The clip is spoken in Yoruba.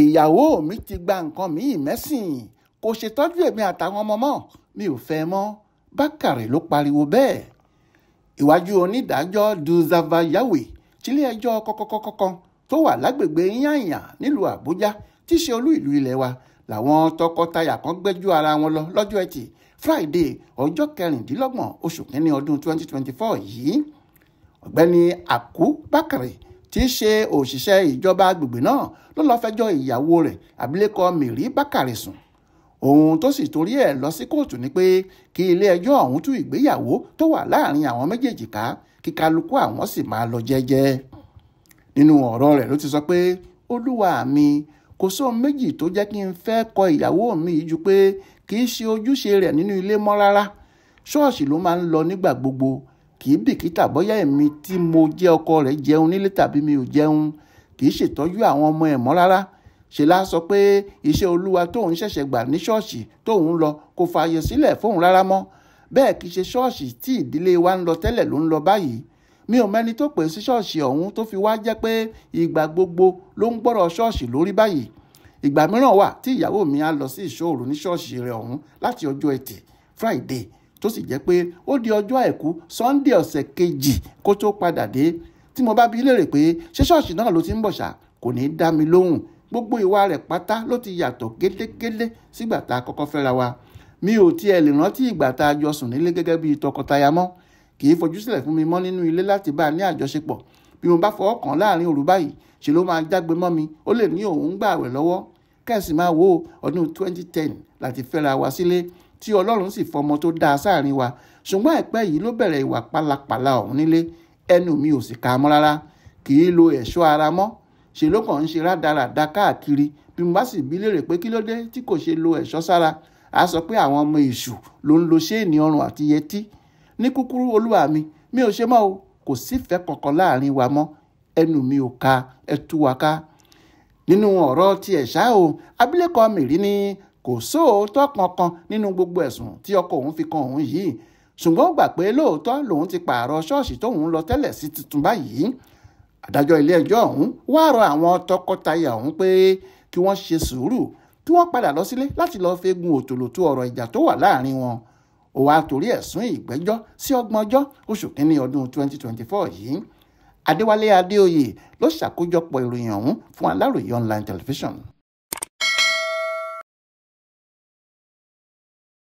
ìyàwó mi ti gba nǹkan míì mẹ́sìn kò ṣètọ́jú èmi àtàwọn ọmọ mọ́ mi ò fẹ́ mọ́ bákàrẹ̀ ló pariwo bẹ́ẹ̀ ìwájú onídàájọ́ duzava yawe tílé ẹjọ́ kọ́kọ́kọ́kọ́ tó wà lágbègbè yányà nílùú àbújá tí í ṣe olú ìlú ilẹ̀ wa làwọn tọkọtaya kan gbẹ́jú ara wọn lọ lọ́jọ́ ẹtì friday ọjọ́ kẹrìndínlọ́gbọ̀n oṣù kínní ọdún 2024 yìí ọ̀gbẹ́ni àkú bákàrẹ̀ tí í ṣe òṣìṣẹ́ ìjọba agbègbè náà ló lọ́ọ́ fẹjọ́ ìyàwó rẹ̀ abilékọ Mary Bákàrẹ̀ sùn ohun tó sì torí ẹ̀ lọ sí kóòtù ni pé kí ilé-ẹjọ́ ọ̀hún tú ìgbéyàwó tó wà láàrin àwọn méjèèjì ká kí kálukú àwọn sì máa lọ jẹ́jẹ́ nínú ọ̀rọ̀ rẹ̀ ló ti sọ pé olúwa mi kò sóhun méjì tó jẹ́ kí n fẹ́ kọ ìyàwó mi yìí ju pé kì í ṣe ojúṣe rẹ̀ nínú ilé mọ́ rárá ṣọ́ọ̀ṣì ló máa ń lọ nígbà gbogbo kì í bìkítà bóyá èmi tí mo jẹ́ ọkọ rẹ̀ jẹun nílé tàbí mi ò jẹun kì í ṣètọ́jú àwọn ọmọ ẹ̀ mọ́ rárá ṣe sọ pé iṣẹ́ olúwa tóun ṣẹ̀ṣẹ̀ gbà ní ṣọ́ọ̀ṣì tóun lọ kò fààyè sílẹ̀ fóun rárá mọ́ bẹ́ẹ̀ kì í ṣe ṣọ́ọ̀ṣì tí ìdílé wa ń lọ tẹ́lẹ̀ ló ń lọ báyìí mi ò mẹ́ni tó pè sí ṣọ́ọ̀ṣì ọ̀hún tó fi wá jẹ́ pé ìgbà gbogbo ló ń gbọ́rọ̀ ṣọ́ọ̀ṣì lórí báyìí ìgbà mìíràn wà tí ìyàwó mi á lọ sí ìṣòro ní ṣọ́ọ̀ṣì rẹ̀ ọ̀hún láti ọjọ́ ẹtì Friday tó sì jẹ́ pé ó di ọjọ́ àìkú sunday ọ̀sẹ̀ kejì kó tó padà dé tí mo bá bi léèrè pé ṣé ṣọ́ọ̀ṣì náà ló ti ń bọ̀ ṣá kò ní í dá mi lóhùn gbogbo ìwà rẹ̀ pátá ló ti yàtọ̀ gédégédé sígbà tá a kọ́kọ́ fẹ́ra wa mi ò tiẹ̀ lè rántí ìgbà tá a jọ sùn nílé gẹ́gẹ́ bíi tọkọtaya mọ́ kì í fojú sílẹ̀ fún mi mọ́ nínú ilé láti bá a ní àjọṣepọ̀ bí mo bá fọwọ́ kàn láàrin òru báyìí ṣe ló máa jágbe mọ́ mi ó lè ní òun gbààwẹ̀ lọ́wọ́ kẹ́sì máa wo ọdún 2010 láti fẹ́ra wa sílé tí ọlọ́run sì fọmọ tó dáa sáàrin wa ṣùgbọ́n àìpẹ́ yìí ló bẹ̀rẹ̀ ìwà pálapàla ọ̀hún nílé ẹnu mi ò sì kà á mọ́ rárá kì í lo ẹ̀ṣọ́ ara mọ́ ṣe ló kàn ń ṣe rádaràda káàkiri bí mo bá sì bí léèrè pé kí ló dé tí kò ṣe lo ẹ̀ṣọ́ sára a sọ pé àwọn ọmọ èṣù ló ń lo ṣéènì ọrùn àti yẹtí ní kúkúrú olúwa mi mi ò ṣe mọ́ o kò sífẹ́ kankan láàrin wa mọ́ ẹnu mi ò ka ẹ tú wa ká nínú ọ̀rọ̀ tiẹ̀ ṣá o abilékọ mìírí ní kò sóòótọ́ kankan nínú gbogbo ẹ̀sùn tí ọkọ òun fi kan òun yìí ṣùgbọ́n ó gbà pé lóòótọ́ lòun ti pààrọ̀ ṣọ́ọ̀ṣì tóun lọ tẹ́lẹ̀ sí tuntun báyìí adájọ́ ilé ẹjọ́ ọ̀hún wá rọ àwọn tọkọtaya ọ̀hún pé kí wọ́n ṣe sùúrù kí wọ́n padà lọ sílé láti lọ́ọ́ fẹ́gun òtòlótò ọ̀rọ̀ ìjà tó wà láàrin wọn ó wá torí ẹ̀sùn ìgbẹ́jọ́ sí ọgbọ̀njọ́ oṣù kínní ọdún 2024 yìí adéwálé adéoyè ló ṣàkójọpọ̀ ìròyìn ọ̀hún fún aláròye online television.